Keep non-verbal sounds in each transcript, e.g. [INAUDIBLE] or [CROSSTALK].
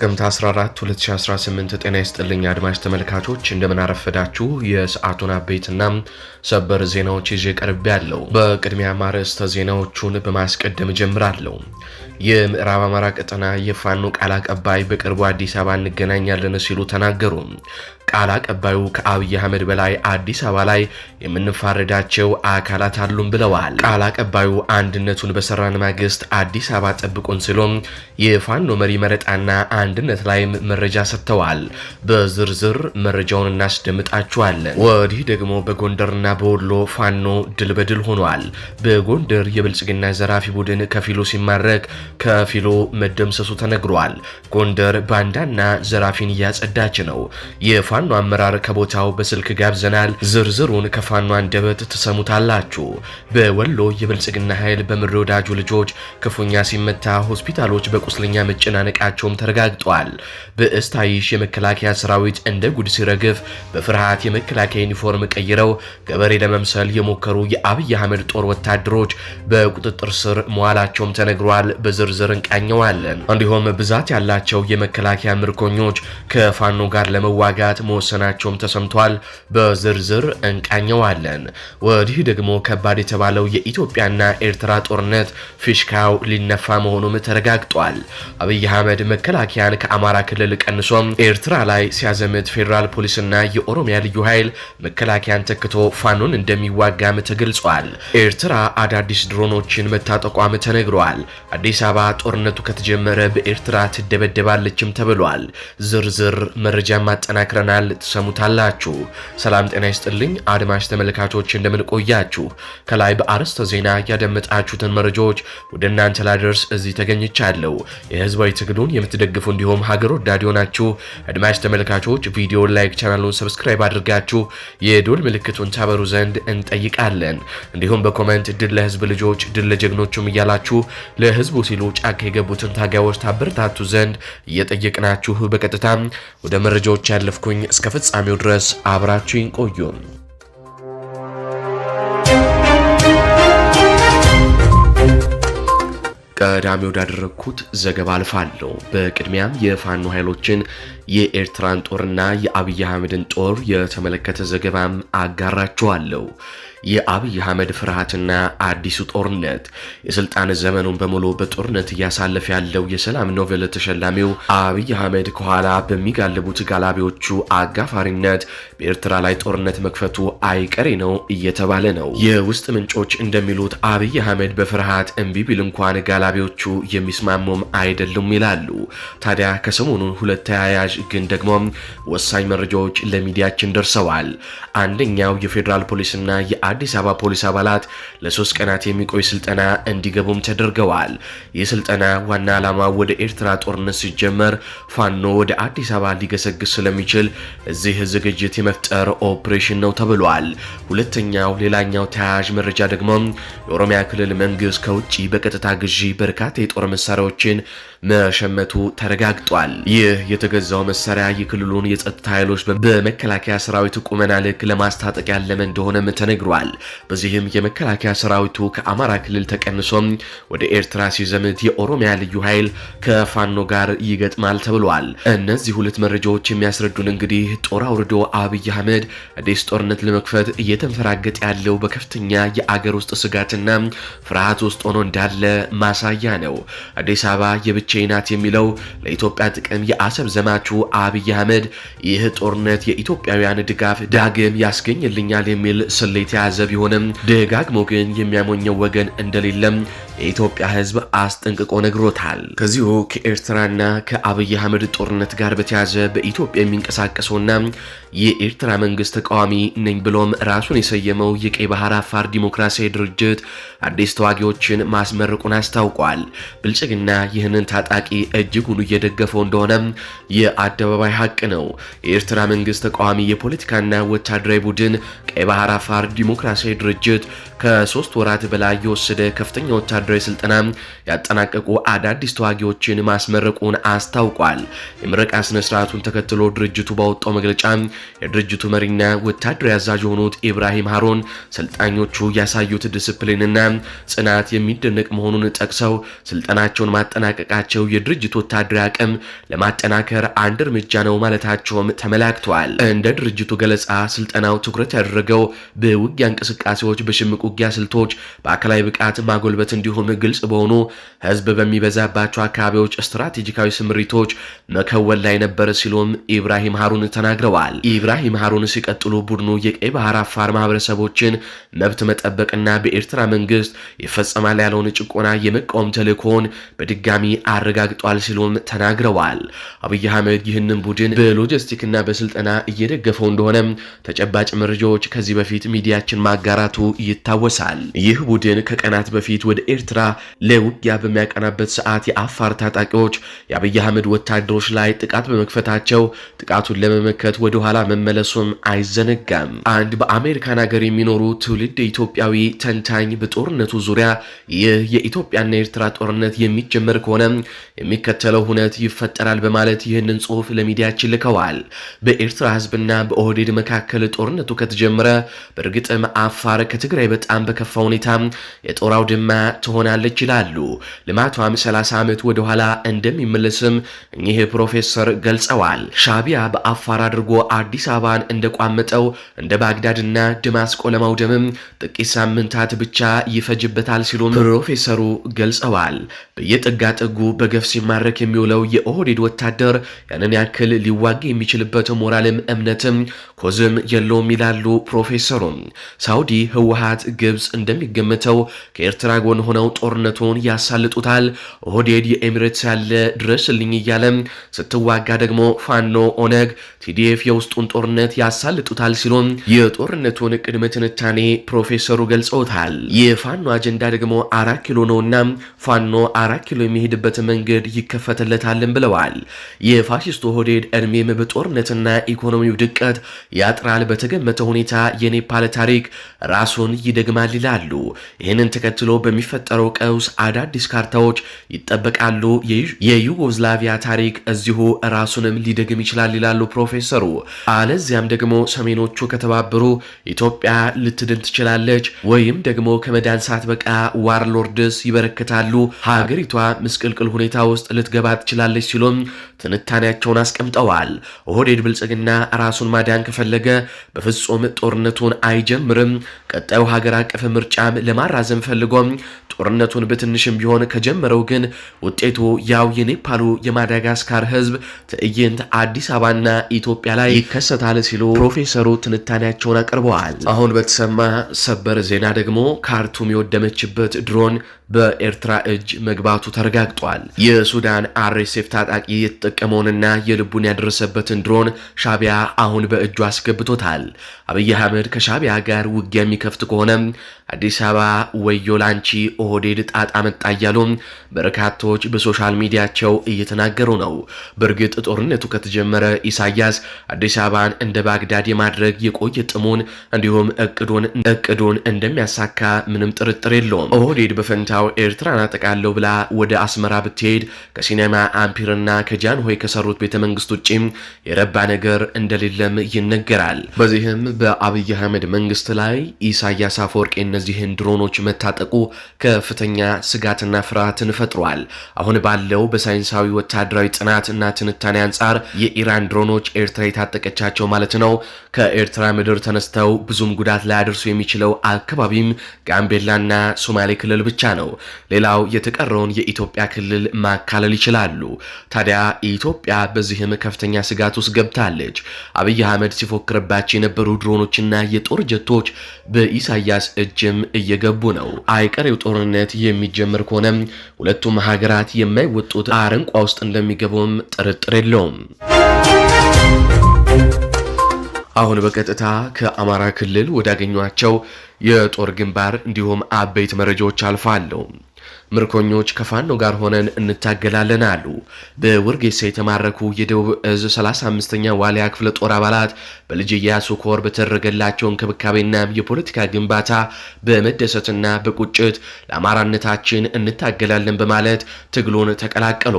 ጥቅምት 14 2018 ጤና ይስጥልኝ አድማጭ ተመልካቾች፣ እንደምናረፈዳችሁ የሰዓቱን አበይትና ሰበር ዜናዎች ይዤ ቀርብ ያለው። በቅድሚያ ማርዕስተ ዜናዎቹን በማስቀደም እጀምራለሁ። የምዕራብ አማራ ቀጠና የፋኖ ቃል አቀባይ በቅርቡ አዲስ አበባ እንገናኛለን ሲሉ ተናገሩ። ቃል አቀባዩ ከአብይ አህመድ በላይ አዲስ አበባ ላይ የምንፋረዳቸው አካላት አሉም ብለዋል። ቃል አቀባዩ አንድነቱን በሰራን ማግስት አዲስ አበባ ጠብቁን ሲሉም የፋኖ መሪ መረጣና አንድነት ላይም መረጃ ሰጥተዋል። በዝርዝር መረጃውን እናስደምጣችኋለን። ወዲህ ደግሞ በጎንደርና በወሎ ፋኖ ድል በድል ሆኗል። በጎንደር የብልጽግና ዘራፊ ቡድን ከፊሉ ሲማረክ ከፊሉ መደምሰሱ ተነግሯል። ጎንደር ባንዳና ዘራፊን እያጸዳች ነው። የፋ የፋኖ አመራር ከቦታው በስልክ ጋብዘናል። ዝርዝሩን ከፋኖ አንደበት ትሰሙታላችሁ። በወሎ የብልጽግና ኃይል በምሬ ወዳጁ ልጆች ክፉኛ ሲመታ ሆስፒታሎች በቁስለኛ መጨናነቃቸውም ተረጋግጧል። በእስታይሽ የመከላከያ ሰራዊት እንደ ጉድ ሲረግፍ በፍርሃት የመከላከያ ዩኒፎርም ቀይረው ገበሬ ለመምሰል የሞከሩ የአብይ አህመድ ጦር ወታደሮች በቁጥጥር ስር መዋላቸውም ተነግሯል። በዝርዝር እንቃኘዋለን። እንዲሁም ብዛት ያላቸው የመከላከያ ምርኮኞች ከፋኖ ጋር ለመዋጋት መወሰናቸውም ተሰምቷል። በዝርዝር እንቃኘዋለን። ወዲህ ደግሞ ከባድ የተባለው የኢትዮጵያና ኤርትራ ጦርነት ፊሽካው ሊነፋ መሆኑም ተረጋግጧል። አብይ አህመድ መከላከያን ከአማራ ክልል ቀንሶም ኤርትራ ላይ ሲያዘምት፣ ፌዴራል ፖሊስና የኦሮሚያ ልዩ ኃይል መከላከያን ተክቶ ፋኖን እንደሚዋጋም ተገልጿል። ኤርትራ አዳዲስ ድሮኖችን መታጠቋም ተነግሯል። አዲስ አበባ ጦርነቱ ከተጀመረ በኤርትራ ትደበደባለችም ተብሏል። ዝርዝር መረጃ ማጠናክረናል። ቻናል ትሰሙታላችሁ። ሰላም ጤና ይስጥልኝ አድማጭ ተመልካቾች እንደምን ቆያችሁ ከላይ በአርዕስተ ዜና ያደመጣችሁትን መረጃዎች ወደ እናንተ ላደርስ እዚህ ተገኝቻለሁ። የህዝባዊ ትግሉን የምትደግፉ እንዲሁም ሀገር ወዳድ ሆናችሁ አድማጭ ተመልካቾች ቪዲዮ ላይክ፣ ቻናሉን ሰብስክራይብ አድርጋችሁ የዶል ምልክቱን ታበሩ ዘንድ እንጠይቃለን። እንዲሁም በኮመንት ድል ለህዝብ ልጆች ድል ለጀግኖቹም እያላችሁ ለህዝቡ ሲሉ ጫካ የገቡትን ታጋዮች ታበረታቱ ዘንድ እየጠየቅናችሁ በቀጥታ ወደ መረጃዎች ያለፍኩኝ እስከ ፍጻሜው ድረስ አብራችሁን ቆዩ። ቀዳሚ ወዳደረግኩት ዘገባ አልፋለሁ። በቅድሚያም የፋኖ ኃይሎችን የኤርትራን ጦርና የአብይ አህመድን ጦር የተመለከተ ዘገባም አጋራችኋለሁ። የአብይ አህመድ ፍርሃትና አዲሱ ጦርነት። የስልጣን ዘመኑን በሙሉ በጦርነት እያሳለፈ ያለው የሰላም ኖቬል ተሸላሚው አብይ አህመድ ከኋላ በሚጋልቡት ጋላቢዎቹ አጋፋሪነት በኤርትራ ላይ ጦርነት መክፈቱ አይቀሬ ነው እየተባለ ነው። የውስጥ ምንጮች እንደሚሉት አብይ አህመድ በፍርሃት እምቢ ቢል እንኳን ጋላቢዎቹ የሚስማሙም አይደሉም ይላሉ። ታዲያ ከሰሞኑን ሁለት ተያያዥ ተያያዥ ግን ደግሞ ወሳኝ መረጃዎች ለሚዲያችን ደርሰዋል። አንደኛው የፌዴራል ፖሊስና የአዲስ አበባ ፖሊስ አባላት ለሶስት ቀናት የሚቆይ ስልጠና እንዲገቡም ተደርገዋል። ይህ ስልጠና ዋና ዓላማ ወደ ኤርትራ ጦርነት ሲጀመር ፋኖ ወደ አዲስ አበባ ሊገሰግስ ስለሚችል እዚህ ዝግጅት የመፍጠር ኦፕሬሽን ነው ተብሏል። ሁለተኛው ሌላኛው ተያያዥ መረጃ ደግሞ የኦሮሚያ ክልል መንግስት ከውጭ በቀጥታ ግዢ በርካታ የጦር መሳሪያዎችን መሸመቱ ተረጋግጧል። ይህ የተገዛው መሳሪያ የክልሉን የጸጥታ ኃይሎች በመከላከያ ሰራዊት ቁመና ልክ ለማስታጠቅ ያለመ እንደሆነም ተነግሯል። በዚህም የመከላከያ ሰራዊቱ ከአማራ ክልል ተቀንሶም ወደ ኤርትራ ሲዘምት የኦሮሚያ ልዩ ኃይል ከፋኖ ጋር ይገጥማል ተብሏል። እነዚህ ሁለት መረጃዎች የሚያስረዱን እንግዲህ ጦር አውርዶ አብይ አህመድ አዲስ ጦርነት ለመክፈት እየተንፈራገጠ ያለው በከፍተኛ የአገር ውስጥ ስጋትና ፍርሃት ውስጥ ሆኖ እንዳለ ማሳያ ነው። አዲስ አበባ የብቻ ቼናት ናት የሚለው ለኢትዮጵያ ጥቅም የአሰብ ዘማቹ አብይ አህመድ ይህ ጦርነት የኢትዮጵያውያን ድጋፍ ዳግም ያስገኝልኛል የሚል ስሌት የያዘ ቢሆንም ደጋግሞ ግን የሚያሞኘው ወገን እንደሌለም የኢትዮጵያ ህዝብ አስጠንቅቆ ነግሮታል። ከዚሁ ከኤርትራና ከአብይ አህመድ ጦርነት ጋር በተያዘ በኢትዮጵያ የሚንቀሳቀሰውና የኤርትራ መንግስት ተቃዋሚ ነኝ ብሎም ራሱን የሰየመው የቀይ ባህር አፋር ዲሞክራሲያዊ ድርጅት አዲስ ተዋጊዎችን ማስመረቁን አስታውቋል። ብልጽግና ይህንን ታጣቂ እጅጉን እየደገፈው እንደሆነ የአደባባይ ሀቅ ነው። የኤርትራ መንግስት ተቃዋሚ የፖለቲካና ወታደራዊ ቡድን ቀይ ባህር አፋር ዲሞክራሲያዊ ድርጅት ከሶስት ወራት በላይ የወሰደ ከፍተኛ ወታደ ወታደራዊ ስልጠና ያጠናቀቁ አዳዲስ ተዋጊዎችን ማስመረቁን አስታውቋል። የምረቃ ስርዓቱን ተከትሎ ድርጅቱ ባወጣው መግለጫ የድርጅቱ መሪና ወታደራዊ አዛዥ የሆኑት ኢብራሂም ሃሮን ሰልጣኞቹ ያሳዩት ዲስፕሊንና ጽናት የሚደነቅ መሆኑን ጠቅሰው ስልጠናቸውን ማጠናቀቃቸው የድርጅቱ ወታደራዊ አቅም ለማጠናከር አንድ እርምጃ ነው ማለታቸውም ተመላክተዋል። እንደ ድርጅቱ ገለጻ ስልጠናው ትኩረት ያደረገው በውጊያ እንቅስቃሴዎች፣ በሽምቅ ውጊያ ስልቶች፣ በአካላዊ ብቃት ማጎልበት እንዲሆን እንዲሁም ግልጽ በሆኑ ህዝብ በሚበዛባቸው አካባቢዎች ስትራቴጂካዊ ስምሪቶች መከወል ላይ ነበር ሲሉም ኢብራሂም ሀሩን ተናግረዋል። ኢብራሂም ሀሩን ሲቀጥሉ ቡድኑ የቀይ ባህር አፋር ማህበረሰቦችን መብት መጠበቅና በኤርትራ መንግስት ይፈጸማል ያለውን ጭቆና የመቃወም ተልእኮውን በድጋሚ አረጋግጧል ሲሉም ተናግረዋል። አብይ አህመድ ይህንን ቡድን በሎጂስቲክና በስልጠና እየደገፈው እንደሆነም ተጨባጭ መረጃዎች ከዚህ በፊት ሚዲያችን ማጋራቱ ይታወሳል። ይህ ቡድን ከቀናት በፊት ወደ ኤርትራ ኤርትራ ለውጊያ በሚያቀናበት ሰዓት የአፋር ታጣቂዎች የአብይ አህመድ ወታደሮች ላይ ጥቃት በመክፈታቸው ጥቃቱን ለመመከት ወደኋላ መመለሱም አይዘነጋም። አንድ በአሜሪካን ሀገር የሚኖሩ ትውልድ ኢትዮጵያዊ ተንታኝ በጦርነቱ ዙሪያ ይህ የኢትዮጵያና የኤርትራ ጦርነት የሚጀመር ከሆነ የሚከተለው ሁነት ይፈጠራል በማለት ይህንን ጽሁፍ ለሚዲያችን ልከዋል። በኤርትራ ህዝብና በኦህዴድ መካከል ጦርነቱ ከተጀመረ በእርግጥም አፋር ከትግራይ በጣም በከፋ ሁኔታ የጦር አውድማ ትሆናለች ይላሉ። ልማቷም 30 ዓመት ወደ ኋላ እንደሚመለስም እኚህ ፕሮፌሰር ገልጸዋል። ሻቢያ በአፋር አድርጎ አዲስ አበባን እንደቋመጠው እንደ ባግዳድና ድማስቆ ለማውደምም ጥቂት ሳምንታት ብቻ ይፈጅበታል ሲሉም ፕሮፌሰሩ ገልጸዋል። በየጥጋ ጥጉ በገፍ ሲማረክ የሚውለው የኦህዴድ ወታደር ያንን ያክል ሊዋጋ የሚችልበት ሞራልም እምነትም ኮዝም የለውም ይላሉ ፕሮፌሰሩም። ሳውዲ ህወሀት ግብፅ እንደሚገምተው ከኤርትራ ጎን ሆነው ነው ጦርነቱን ያሳልጡታል። ኦህዴድ የኤምሬትስ ያለ ድረስልኝ እያለም ስትዋጋ ደግሞ ፋኖ ኦነግ፣ ቲዲኤፍ የውስጡን ጦርነት ያሳልጡታል ሲሉም የጦርነቱን ቅድመ ትንታኔ ፕሮፌሰሩ ገልጸውታል። የፋኖ አጀንዳ ደግሞ አራት ኪሎ ነውና ፋኖ አራት ኪሎ የሚሄድበት መንገድ ይከፈትለታልን ብለዋል። የፋሽስቱ ኦህዴድ እድሜም በጦርነትና ኢኮኖሚው ድቀት ያጥራል በተገመተ ሁኔታ የኔፓል ታሪክ ራሱን ይደግማል ይላሉ። ይህንን ተከትሎ በሚፈጠ ለተፈጠረው ቀውስ አዳዲስ ካርታዎች ይጠበቃሉ። የዩጎዝላቪያ ታሪክ እዚሁ ራሱንም ሊደግም ይችላል ይላሉ ፕሮፌሰሩ። አለዚያም ደግሞ ሰሜኖቹ ከተባበሩ ኢትዮጵያ ልትድን ትችላለች፣ ወይም ደግሞ ከመዳን ሰዓት በቃ ዋርሎርድስ ይበረክታሉ፣ ሀገሪቷ ምስቅልቅል ሁኔታ ውስጥ ልትገባ ትችላለች ሲሉም ትንታኔያቸውን አስቀምጠዋል። ኦህዴድ ብልጽግና ራሱን ማዳን ከፈለገ በፍጹም ጦርነቱን አይጀምርም። ቀጣዩ ሀገር አቀፍ ምርጫም ለማራዘም ፈልጎም ጦርነቱን በትንሽም ቢሆን ከጀመረው ግን ውጤቱ ያው የኔፓሉ የማዳጋስካር ህዝብ ትዕይንት አዲስ አበባና ኢትዮጵያ ላይ ይከሰታል ሲሉ ፕሮፌሰሩ ትንታኔያቸውን አቅርበዋል። አሁን በተሰማ ሰበር ዜና ደግሞ ካርቱም የወደመችበት ድሮን በኤርትራ እጅ መግባቱ ተረጋግጧል። የሱዳን አርኤስኤፍ ታጣቂ የተጠቀመውንና የልቡን ያደረሰበትን ድሮን ሻቢያ አሁን በእጁ አስገብቶታል። አብይ አህመድ ከሻቢያ ጋር ውጊያ የሚከፍት ከሆነም አዲስ አበባ ወዮ ላንቺ ኦህዴድ ጣጣ መጣ እያሉ በርካቶች በሶሻል ሚዲያቸው እየተናገሩ ነው። በእርግጥ ጦርነቱ ከተጀመረ ኢሳያስ አዲስ አበባን እንደ ባግዳድ የማድረግ የቆየ ጥሙን እንዲሁም እቅዱን እቅዱን እንደሚያሳካ ምንም ጥርጥር የለውም። ኦህዴድ በፈንታው ኤርትራን አጠቃለሁ ብላ ወደ አስመራ ብትሄድ ከሲኔማ አምፒርና ከጃንሆይ ከሰሩት ቤተመንግስት ውጭም የረባ ነገር እንደሌለም ይነገራል። በዚህም በአብይ አህመድ መንግስት ላይ ኢሳያስ አፈወርቅ እነዚህን ድሮኖች መታጠቁ ከፍተኛ ስጋትና ፍርሃትን ተፈጥሯል። አሁን ባለው በሳይንሳዊ ወታደራዊ ጥናት እና ትንታኔ አንጻር የኢራን ድሮኖች ኤርትራ የታጠቀቻቸው ማለት ነው ከኤርትራ ምድር ተነስተው ብዙም ጉዳት ላያደርሱ የሚችለው አካባቢም ጋምቤላና ሶማሌ ክልል ብቻ ነው። ሌላው የተቀረውን የኢትዮጵያ ክልል ማካለል ይችላሉ። ታዲያ ኢትዮጵያ በዚህም ከፍተኛ ስጋት ውስጥ ገብታለች። አብይ አህመድ ሲፎክርባቸው የነበሩ ድሮኖችና የጦር ጀቶች በኢሳያስ እጅም እየገቡ ነው። አይቀሬው ጦርነት የሚጀምር ከሆነም ሁለቱም ሀገራት የማይወጡት አረንቋ ውስጥ እንደሚገቡም ጥርጥር የለውም። አሁን በቀጥታ ከአማራ ክልል ወዳገኟቸው የጦር ግንባር እንዲሁም አበይት መረጃዎች አልፋለሁ። ምርኮኞች ከፋኖ ጋር ሆነን እንታገላለን አሉ። በወርጌሳ የተማረኩ የደቡብ እዝ 35ኛ ዋሊያ ክፍለ ጦር አባላት በልጅ ኢያሱ ኮር በተደረገላቸው እንክብካቤና የፖለቲካ ግንባታ በመደሰትና በቁጭት ለአማራነታችን እንታገላለን በማለት ትግሉን ተቀላቀሉ።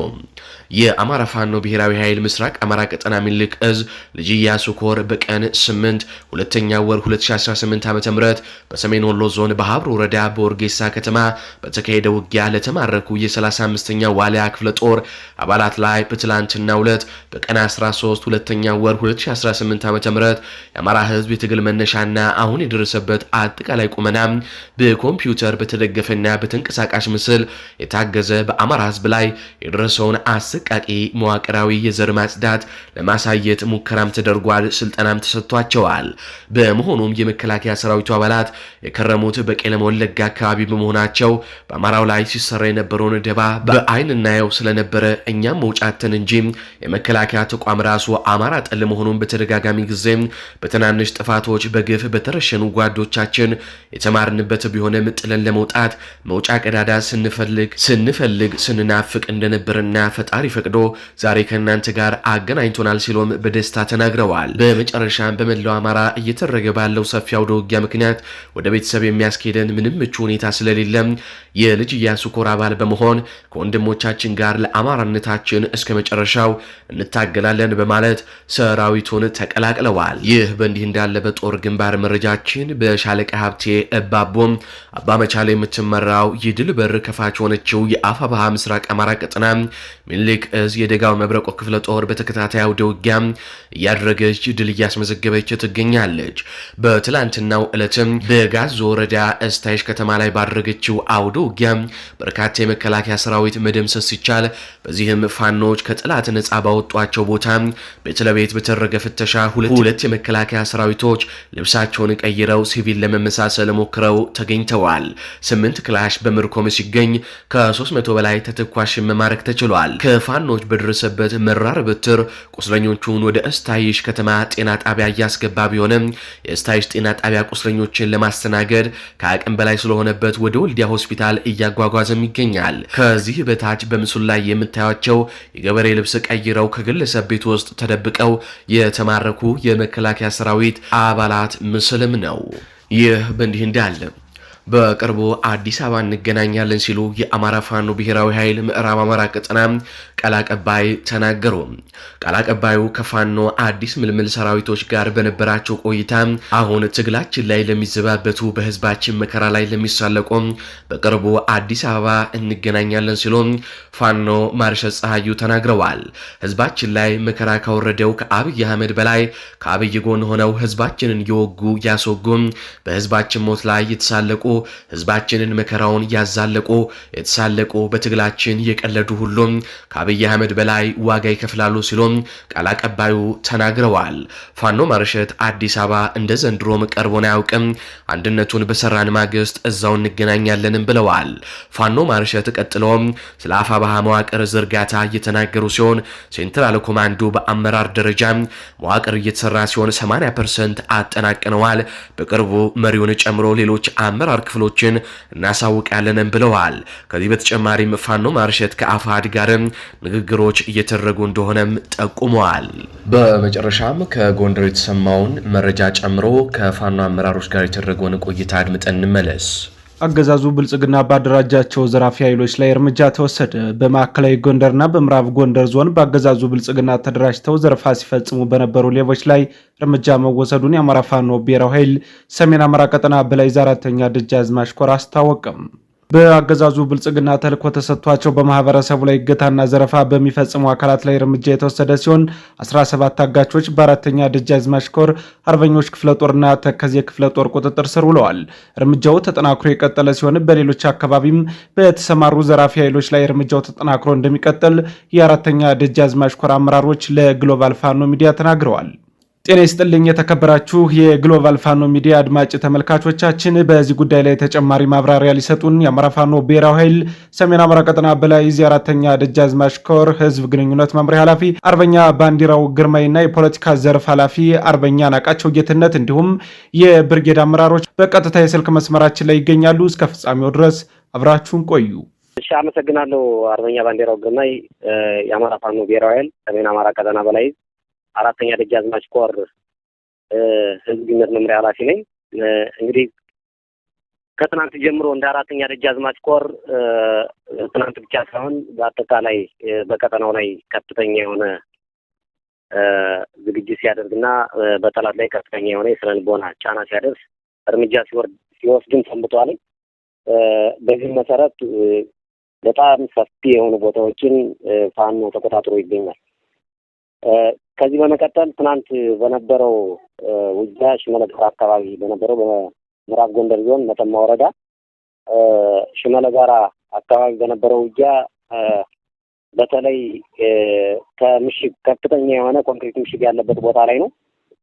የአማራ ፋኖ ብሔራዊ ኃይል ምስራቅ አማራ ቀጠና ሚልክ እዝ ልጅ ኢያሱ ኮር በቀን 8 ሁለተኛ ወር 2018 ዓ ም በሰሜን ወሎ ዞን በሀብሩ ወረዳ በወርጌሳ ከተማ በተካሄደ ውጊያ ለተማረኩ የ35ኛ ዋሊያ ክፍለ ጦር አባላት ላይ በትላንትናው ዕለት በቀን 13 ሁለተኛ ወር 2018 ዓ ም የአማራ ህዝብ የትግል መነሻና አሁን የደረሰበት አጠቃላይ ቁመና በኮምፒውተር በተደገፈና በተንቀሳቃሽ ምስል የታገዘ በአማራ ህዝብ ላይ የደረሰውን አሰቃቂ መዋቅራዊ የዘር ማጽዳት ለማሳየት ሙከራም ተደርጓል። ስልጠናም ተሰጥቷቸዋል። በመሆኑም የመከላከያ ሰራዊቱ አባላት የከረሙት በቄለም ወለጋ አካባቢ በመሆናቸው በአማራው ላይ ሲሰራ የነበረውን ደባ በአይን እናየው ስለነበረ እኛም መውጫተን እንጂ የመከላከያ ተቋም ራሱ አማራ ጠል መሆኑን በተደጋጋሚ ጊዜ በትናንሽ ጥፋቶች በግፍ በተረሸኑ ጓዶቻችን የተማርንበት ቢሆንም ጥለን ለመውጣት መውጫ ቀዳዳ ስንፈልግ ስንፈልግ ስንናፍቅ እንደነበርና ፈጣሪ ፈቅዶ ዛሬ ከእናንተ ጋር አገናኝቶናል ሲሎም በደስታ ተናግረዋል። በመጨረሻም በመላው አማራ እየተደረገ ባለው ሰፊ አውደ ውጊያ ምክንያት ወደ ቤተሰብ የሚያስኬደን ምንም ምቹ ሁኔታ ስለሌለም የልጅ እያ የሱኮር አባል በመሆን ከወንድሞቻችን ጋር ለአማራነታችን እስከ መጨረሻው እንታገላለን በማለት ሰራዊቱን ተቀላቅለዋል። ይህ በእንዲህ እንዳለ በጦር ግንባር መረጃችን በሻለቃ ሀብቴ እባቦም አባመቻላ የምትመራው ይድል በር ከፋች የሆነችው የአፋባሃ ምስራቅ አማራ ቀጠና ሚኒሊክ እዝ የደጋው መብረቆ ክፍለ ጦር በተከታታይ አውደ ውጊያ እያደረገች ድል እያስመዘገበች ትገኛለች። በትላንትናው ዕለትም በጋዞ ወረዳ እስታይሽ ከተማ ላይ ባደረገችው አውደ ውጊያ በርካታ የመከላከያ ሰራዊት መደምሰስ ሲቻል፣ በዚህም ፋኖች ከጠላት ነጻ ባወጧቸው ቦታ ቤት ለቤት በተደረገ ፍተሻ ሁለት የመከላከያ ሰራዊቶች ልብሳቸውን ቀይረው ሲቪል ለመመሳሰል ሞክረው ተገኝተዋል። ስምንት ክላሽ በምርኮም ሲገኝ ከ300 በላይ ተተኳሽ መማረክ ተችሏል። ከፋኖች በደረሰበት መራር ብትር ቁስለኞቹን ወደ እስታይሽ ከተማ ጤና ጣቢያ እያስገባ ቢሆንም የእስታይሽ ጤና ጣቢያ ቁስለኞችን ለማስተናገድ ከአቅም በላይ ስለሆነበት ወደ ወልዲያ ሆስፒታል እያጓጓ እየተጓጓዘም ይገኛል። ከዚህ በታች በምስሉ ላይ የምታያቸው የገበሬ ልብስ ቀይረው ከግለሰብ ቤት ውስጥ ተደብቀው የተማረኩ የመከላከያ ሰራዊት አባላት ምስልም ነው። ይህ በእንዲህ እንዳለም በቅርቡ አዲስ አበባ እንገናኛለን ሲሉ የአማራ ፋኖ ብሔራዊ ኃይል ምዕራብ አማራ ቀጠና ቃል አቀባይ ተናገሩ። ቃል አቀባዩ ከፋኖ አዲስ ምልምል ሰራዊቶች ጋር በነበራቸው ቆይታ አሁን ትግላችን ላይ ለሚዘባበቱ በህዝባችን መከራ ላይ ለሚሳለቁ በቅርቡ አዲስ አበባ እንገናኛለን ሲሉ ፋኖ ማርሸት ፀሐዩ ተናግረዋል። ህዝባችን ላይ መከራ ካወረደው ከአብይ አህመድ በላይ ከአብይ ጎን ሆነው ህዝባችንን እየወጉ ያስወጉ በህዝባችን ሞት ላይ የተሳለቁ ህዝባችንን መከራውን እያዛለቁ የተሳለቁ በትግላችን የቀለዱ ሁሉም ከአብይ አህመድ በላይ ዋጋ ይከፍላሉ ሲሉም ቃል አቀባዩ ተናግረዋል። ፋኖ ማርሸት አዲስ አበባ እንደ ዘንድሮም ቀርቦን አያውቅም። አንድነቱን በሰራን ማግስት እዛው እንገናኛለንም ብለዋል። ፋኖ ማርሸት ቀጥሎም ስለ አፋባሃ መዋቅር ዝርጋታ እየተናገሩ ሲሆን ሴንትራል ኮማንዶ በአመራር ደረጃ መዋቅር እየተሰራ ሲሆን 80 ፐርሰንት አጠናቅነዋል። በቅርቡ መሪውን ጨምሮ ሌሎች አመራር ነባር ክፍሎችን እናሳውቃለንም ብለዋል። ከዚህ በተጨማሪም ፋኖ ማርሸት ከአፋድ ጋርም ንግግሮች እየተደረጉ እንደሆነም ጠቁመዋል። በመጨረሻም ከጎንደር የተሰማውን መረጃ ጨምሮ ከፋኖ አመራሮች ጋር የተደረገውን ቆይታ አድምጠን እንመለስ። አገዛዙ ብልጽግና ባደራጃቸው ዘራፊ ኃይሎች ላይ እርምጃ ተወሰደ። በማዕከላዊ ጎንደርና በምዕራብ ጎንደር ዞን በአገዛዙ ብልጽግና ተደራጅተው ዘረፋ ሲፈጽሙ በነበሩ ሌቦች ላይ እርምጃ መወሰዱን የአማራ ፋኖ ብሔራዊ ኃይል ሰሜን አማራ ቀጠና በላይ ዛ አራተኛ ደጃዝማች ኮር አስታወቀም። በአገዛዙ ብልጽግና ተልኮ ተሰጥቷቸው በማህበረሰቡ ላይ እገታና ዘረፋ በሚፈጽሙ አካላት ላይ እርምጃ የተወሰደ ሲሆን 17 ታጋቾች በአራተኛ ደጃዝማች ኮር አርበኞች ክፍለ ጦርና ተከዜ ክፍለ ጦር ቁጥጥር ስር ውለዋል። እርምጃው ተጠናክሮ የቀጠለ ሲሆን በሌሎች አካባቢም በተሰማሩ ዘራፊ ኃይሎች ላይ እርምጃው ተጠናክሮ እንደሚቀጥል የአራተኛ ደጃዝማች ኮር አመራሮች ለግሎባል ፋኖ ሚዲያ ተናግረዋል። ጤና ይስጥልኝ የተከበራችሁ የግሎባል ፋኖ ሚዲያ አድማጭ ተመልካቾቻችን፣ በዚህ ጉዳይ ላይ ተጨማሪ ማብራሪያ ሊሰጡን የአማራ ፋኖ ብሔራዊ ኃይል ሰሜን አማራ ቀጠና በላይ እዝ አራተኛ ደጃዝማች ኮር ህዝብ ግንኙነት መምሪያ ኃላፊ አርበኛ ባንዲራው ግርማይና የፖለቲካ ዘርፍ ኃላፊ አርበኛ ናቃቸው ጌትነት እንዲሁም የብርጌድ አመራሮች በቀጥታ የስልክ መስመራችን ላይ ይገኛሉ። እስከ ፍጻሜው ድረስ አብራችሁን ቆዩ። እሺ፣ አመሰግናለሁ አርበኛ ባንዲራው ግርማይ፣ የአማራ ፋኖ ብሔራዊ ኃይል ሰሜን አማራ ቀጠና በላይ አራተኛ ደጃዝማች ኮር ህዝብ ግንኙነት መምሪያ ኃላፊ ነኝ። እንግዲህ ከትናንት ጀምሮ እንደ አራተኛ ደጃዝማች ኮር ትናንት ብቻ ሳይሆን በአጠቃላይ በቀጠናው ላይ ከፍተኛ የሆነ ዝግጅት ሲያደርግና በጠላት ላይ ከፍተኛ የሆነ የስነ ልቦና ጫና ሲያደርስ እርምጃ ሲወርድ ሲወስድም ሰንብቷል። በዚህም መሰረት በጣም ሰፊ የሆኑ ቦታዎችን ፋኖ ተቆጣጥሮ ይገኛል። ከዚህ በመቀጠል ትናንት በነበረው ውጊያ ሽመለጋራ አካባቢ በነበረው በምዕራብ ጎንደር ዞን መተማ ወረዳ ሽመለጋራ አካባቢ በነበረው ውጊያ በተለይ ከምሽግ ከፍተኛ የሆነ ኮንክሪት ምሽግ ያለበት ቦታ ላይ ነው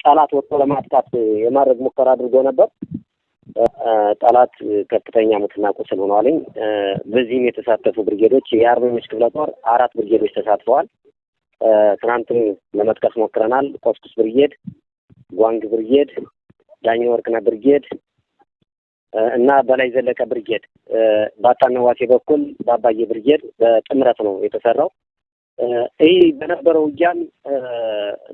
ጠላት ወጥቶ ለማጥቃት የማድረግ ሙከራ አድርጎ ነበር። ጠላት ከፍተኛ ምትና ቁስል ሆኗልኝ። በዚህም የተሳተፉ ብርጌዶች የአርበኞች ክፍለ ጦር አራት ብርጌዶች ተሳትፈዋል። ትናንትም ለመጥቀስ ሞክረናል። ቆስቁስ ብርጌድ፣ ጓንግ ብርጌድ፣ ዳኝ ወርቅነ ብርጌድ እና በላይ ዘለቀ ብርጌድ በአጣነዋሴ በኩል በአባዬ ብርጌድ በጥምረት ነው የተሰራው። ይህ በነበረው ውጊያም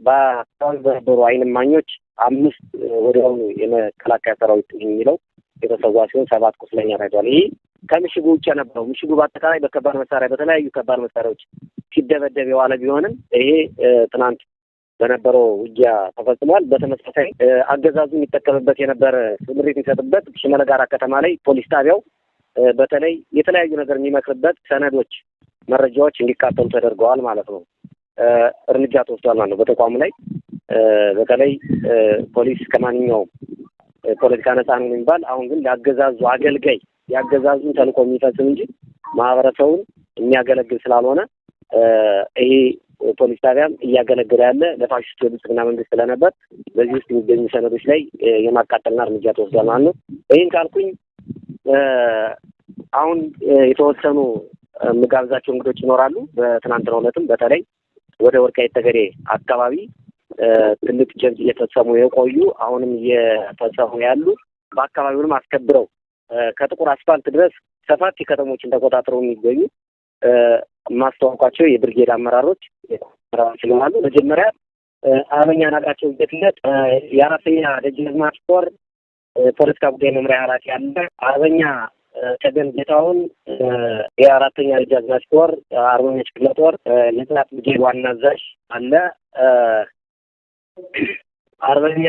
በአካባቢ በነበሩ አይን ማኞች አምስት ወዲያውኑ የመከላከያ ሰራዊት የሚለው የተሰዋ ሲሆን ሰባት ቁስለኛ ታይቷል። ይሄ ከምሽጉ ውጭ የነበረው ምሽጉ በአጠቃላይ በከባድ መሳሪያ በተለያዩ ከባድ መሳሪያዎች ሲደበደብ የዋለ ቢሆንም ይሄ ትናንት በነበረው ውጊያ ተፈጽሟል። በተመሳሳይ አገዛዙ የሚጠቀምበት የነበረ ምሬት የሚሰጥበት ሽመለጋራ ከተማ ላይ ፖሊስ ጣቢያው በተለይ የተለያዩ ነገር የሚመክርበት ሰነዶች፣ መረጃዎች እንዲቃጠሉ ተደርገዋል ማለት ነው። እርምጃ ተወስዷል ማለት ነው። በተቋሙ ላይ በተለይ ፖሊስ ከማንኛውም ፖለቲካ ነፃ ነው የሚባል አሁን ግን ለአገዛዙ አገልጋይ ያገዛዙን ተልዕኮ የሚፈጽም እንጂ ማህበረሰቡን የሚያገለግል ስላልሆነ ይሄ ፖሊስ ጣቢያም እያገለገለ ያለ ለፋሽስቱ የብልጽግና መንግስት ስለነበር በዚህ ውስጥ የሚገኙ ሰነዶች ላይ የማቃጠልና እርምጃ ተወስዷል ማለት ነው። ይህን ካልኩኝ አሁን የተወሰኑ ምጋብዛቸው እንግዶች ይኖራሉ። በትናንትናው ዕለትም በተለይ ወደ ወልቃይት ጠገዴ አካባቢ ትልቅ ጀብድ እየፈጸሙ የቆዩ አሁንም እየፈጸሙ ያሉ በአካባቢውንም አስከብረው ከጥቁር አስፋልት ድረስ ሰፋፊ ከተሞችን ተቆጣጥረው የሚገኙ ማስታወቋቸው የብርጌድ አመራሮች አመራሮች ይሆናሉ። መጀመሪያ አርበኛ ናቃቸው ጌትነት የአራተኛ ደጃዝማች ኮር ፖለቲካ ጉዳይ መምሪያ ኃላፊ አለ። አርበኛ ተገን ጌታሁን የአራተኛ ደጃዝማች ኮር አርበኞች ክፍለ ጦር ነጻነት ብርጌድ ዋና አዛዥ አለ። አርበኛ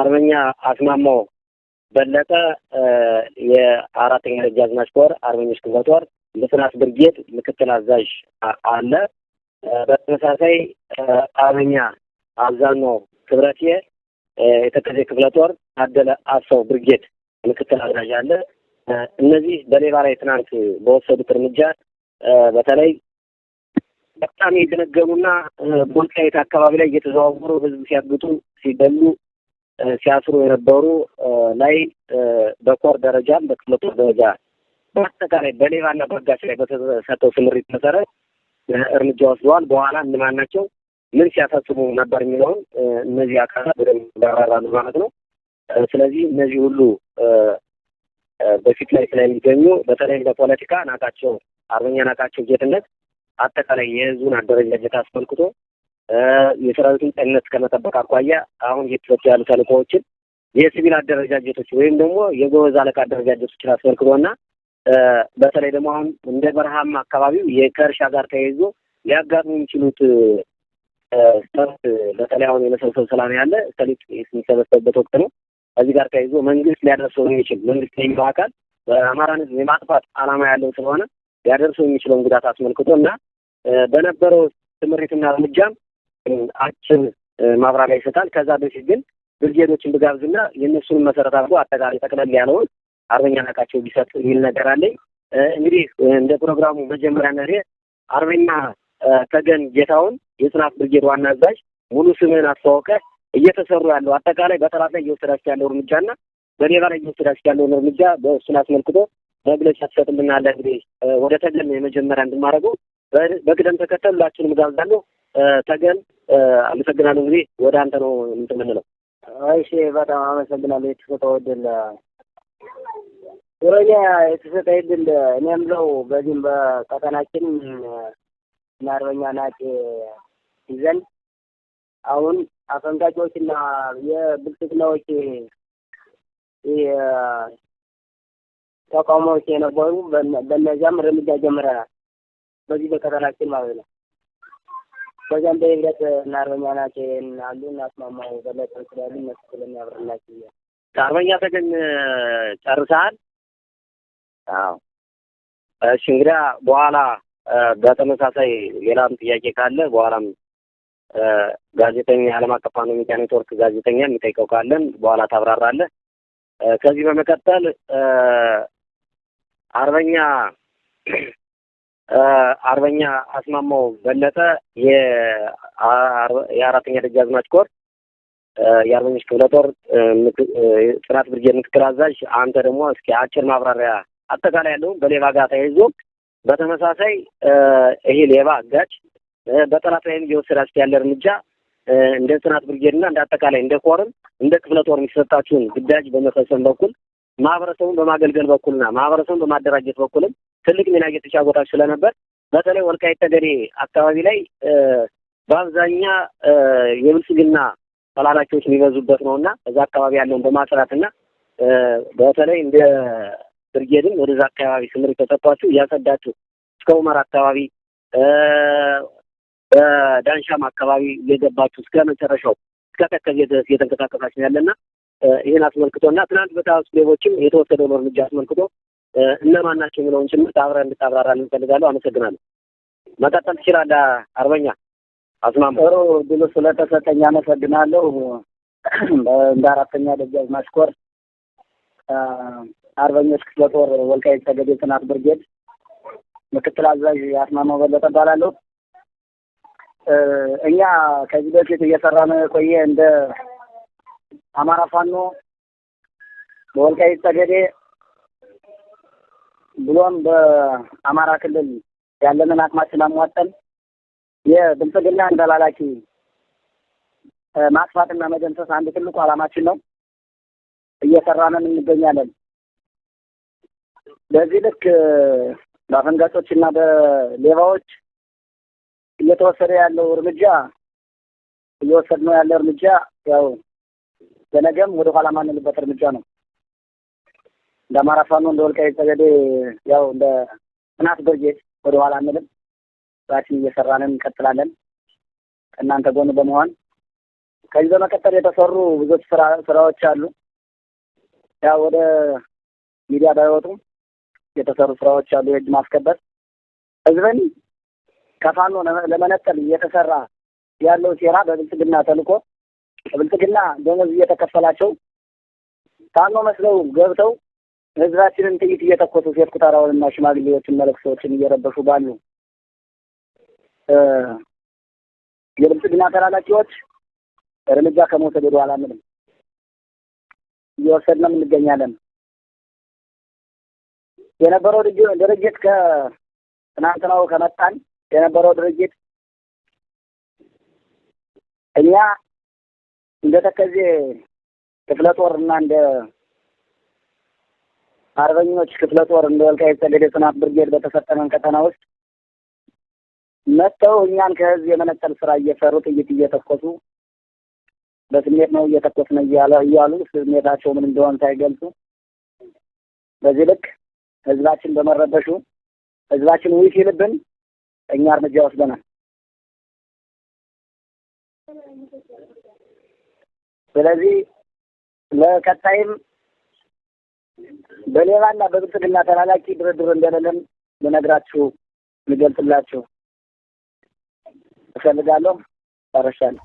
አርበኛ አስማማው በለጠ የአራተኛ ደጃዝማች ኮር አርበኞች ክፍለ ጦር የጽናት ብርጌድ ምክትል አዛዥ አለ። በተመሳሳይ አርበኛ አብዛኛው ክብረቴ የተከዜ ክፍለ ጦር ታደለ አሰው ብርጌድ ምክትል አዛዥ አለ። እነዚህ በሌባ ላይ ትናንት በወሰዱት እርምጃ በተለይ በጣም የደነገሩና ቦልቃየት አካባቢ ላይ እየተዘዋወሩ ህዝብ ሲያግጡ ሲደሉ ሲያስሩ የነበሩ ላይ በኮር ደረጃም በክፍለ ጦር ደረጃ በአጠቃላይ በሌባና በጋሽ ላይ በተሰጠው ስምሪት መሰረት እርምጃ ወስደዋል። በኋላ እነማን ናቸው ምን ሲያሳስቡ ነበር የሚለውን እነዚህ አካላት በደንብ ያብራራሉ ማለት ነው። ስለዚህ እነዚህ ሁሉ በፊት ላይ ስለሚገኙ በተለይም በፖለቲካ ናቃቸው አርበኛ ናቃቸው ጌትነት አጠቃላይ የህዝቡን አደረጃጀት አስመልክቶ የሰራዊቱን ጤንነት ከመጠበቅ አኳያ አሁን እየተሰጡ ያሉ ተልእኮዎችን የሲቪል አደረጃጀቶች ወይም ደግሞ የጎበዝ አለቃ አደረጃጀቶችን አስመልክቶና በተለይ ደግሞ አሁን እንደ በረሃማ አካባቢው የከእርሻ ጋር ተያይዞ ሊያጋጥሙ የሚችሉት ሰርት በተለይ አሁን የመሰብሰብ ሰላም ያለ ሰሊጥ የሚሰበሰብበት ወቅት ነው። ከዚህ ጋር ተያይዞ መንግስት ሊያደርሰው የሚችል መንግስት የሚለው አካል በአማራን ህዝብ የማጥፋት አላማ ያለው ስለሆነ ሊያደርሰው የሚችለውን ጉዳት አስመልክቶ እና በነበረው ትምህርትና እርምጃም አጭር ማብራሪያ ይሰጣል። ከዛ በፊት ግን ብርጌዶችን ብጋብዝና የእነሱን መሰረት አድርጎ አጠቃላይ ጠቅለል ያለውን አርበኛ ናቃቸው ቢሰጥ የሚል ነገር አለኝ። እንግዲህ እንደ ፕሮግራሙ መጀመሪያ ነሬ አርበኛ ተገን ጌታውን የጽናት ብርጌድ ዋና አዛዥ፣ ሙሉ ስምህን አስተዋወቀ እየተሰሩ ያለው አጠቃላይ በጠላት ላይ እየወሰዳችሁ ያለው እርምጃና በሌባ ላይ እየወሰዳችሁ ያለውን እርምጃ በእሱን አስመልክቶ መግለጫ ትሰጥልናለህ። እንግዲህ ወደ ተገን የመጀመሪያ እንድማደርገው በቅደም ተከተል ሁላችሁንም ጋብዛለሁ። ተገን አመሰግናለሁ። እንግዲህ ወደ አንተ ነው እንትን የምንለው። እሺ፣ በጣም አመሰግናለሁ። የተሰጠው እድል ወረኛ የተሰጠ እድል እኔ የምለው በዚህም በቀጠናችን አርበኛ ናጭ ይዘን አሁን እና የብልጽግናዎች ተቃውሞዎች የነበሩ በእነዚያም እርምጃ ጀምረናል። በዚህ በቀጠናችን ማለት ነው። በዛም በህብረት እና አርበኛ ናቸን አሉ እና አስማማው በለጠ ስላሉ እነሱ ስለሚያብርላቸው እያ አርበኛ ተገኝ ጨርሰሃል? አዎ። እሺ እንግዲያ በኋላ በተመሳሳይ ሌላም ጥያቄ ካለ በኋላም ጋዜጠኛ የዓለም አቀፍ ሚዲያ ኔትወርክ ጋዜጠኛ የሚጠይቀው ካለን በኋላ ታብራራለህ። ከዚህ በመቀጠል አርበኛ አርበኛ አስማማው በለጠ የአራተኛ ደጃዝማች ኮር የአርበኞች ክፍለ ጦር ጽናት ብርጌድ ምክትል አዛዥ፣ አንተ ደግሞ እስኪ አጭር ማብራሪያ አጠቃላይ ያለውን በሌባ ጋር ተያይዞ በተመሳሳይ ይሄ ሌባ አጋጭ በጠላት ላይም እየወሰዳችሁ ያለ እርምጃ እንደ ጽናት ብርጌድና እንደ አጠቃላይ እንደ ኮርም እንደ ክፍለ ጦር የሚሰጣችሁን ግዳጅ በመፈጸም በኩል ማህበረሰቡን በማገልገል በኩልና ማህበረሰቡን በማደራጀት በኩልም ትልቅ ሚና እየተጫወታች ስለነበር በተለይ ወልቃይት ጠገዴ አካባቢ ላይ በአብዛኛ የብልጽግና ተላላኪዎች የሚበዙበት ነው እና እዛ አካባቢ ያለውን በማጥራት እና በተለይ እንደ ብርጌድም ወደዛ አካባቢ ስምሪት ተሰጥቷችሁ እያጸዳችሁ እስከ ሁመራ አካባቢ በዳንሻም አካባቢ እየገባችሁ እስከ መጨረሻው እስከ ተከዜ ድረስ እየተንቀሳቀሳችሁ ያለና ይህን አስመልክቶ እና ትናንት በታስ ሌቦችም የተወሰደውን እርምጃ አስመልክቶ እነማን ናቸው የሚለውን ጭምር አብረህ እንድታብራራ እንፈልጋለሁ። አመሰግናለሁ። መቀጠል ትችላለህ አርበኛ አስማማ። ጥሩ ድሉ ስለተሰጠኝ አመሰግናለሁ። [CLEARS THROAT] እንደ አራተኛ ደጃዝማች ኮር አርበኞች ክፍለ ጦር ወልቃይት ጠገዴ ብርጌድ ምክትል አዛዥ አስማማ በለጠ እባላለሁ። እኛ ከዚህ በፊት እየሰራን ቆየ እንደ አማራ ፋኖ በወልቃይት ጠገዴ ብሎም በአማራ ክልል ያለንን አቅማችን አሟጠን የብልጽግና እንደላላኪ ማጥፋትና መደምሰስ አንድ ትልቁ ዓላማችን ነው። እየሰራንን እንገኛለን። በዚህ ልክ በአፈንጋጮች እና በሌባዎች እየተወሰደ ያለው እርምጃ እየወሰድነው ያለ እርምጃ ያው ለነገም ወደ ኋላ ማንልበት እርምጃ ነው። እንደ አማራ ፋኖ እንደ ወልቃይት ጠገዴ ያው እንደ ጽናት ብርጌድ ወደኋላ አንልም። ስራችን እየሰራንን እንቀጥላለን ከእናንተ ጎን በመሆን ከዚህ በመቀጠል የተሰሩ ብዙዎች ስራዎች አሉ። ያው ወደ ሚዲያ ባይወጡም የተሰሩ ስራዎች አሉ። የህግ ማስከበር ህዝብን ከፋኖ ለመነጠል እየተሰራ ያለው ሴራ በብልጽግና ተልኮ ብልጽግና ደሞዝ እየተከፈላቸው ፋኖ መስለው ገብተው ህዝባችንን ጥይት እየተኮሱ ሴት ቁጠራውንና ሽማግሌዎችን መልእክቶችን እየረበሹ ባሉ የብልጽግና ተላላኪዎች እርምጃ ከመውሰድ ወደኋላ ምንም እየወሰድንም እንገኛለን። የነበረው ድርጅት ከትናንትናው ከመጣን የነበረው ድርጅት እኛ እንደ ተከዜ ክፍለ ጦር እና እንደ አርበኞች ክፍለ ጦር እንደ ወልቃይት ጠገዴ ብርጌድ በተሰጠመን ቀጠና ውስጥ መጥተው እኛን ከህዝብ የመነጠል ስራ እየሰሩ ጥይት እየተኮሱ በስሜት ነው ነው እያለ እያሉ ስሜታቸው ምን እንደሆነ ሳይገልጹ በዚህ ልክ ህዝባችን በመረበሹ ህዝባችን ውይ ሲልብን እኛ እርምጃ ወስደናል። ስለዚህ ለቀጣይም በሌባና በብልጽግና ተላላኪ ድርድር እንደሌለን ልነግራችሁ ልገልጽላችሁ እፈልጋለሁ። ጨርሻለሁ።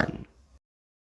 one.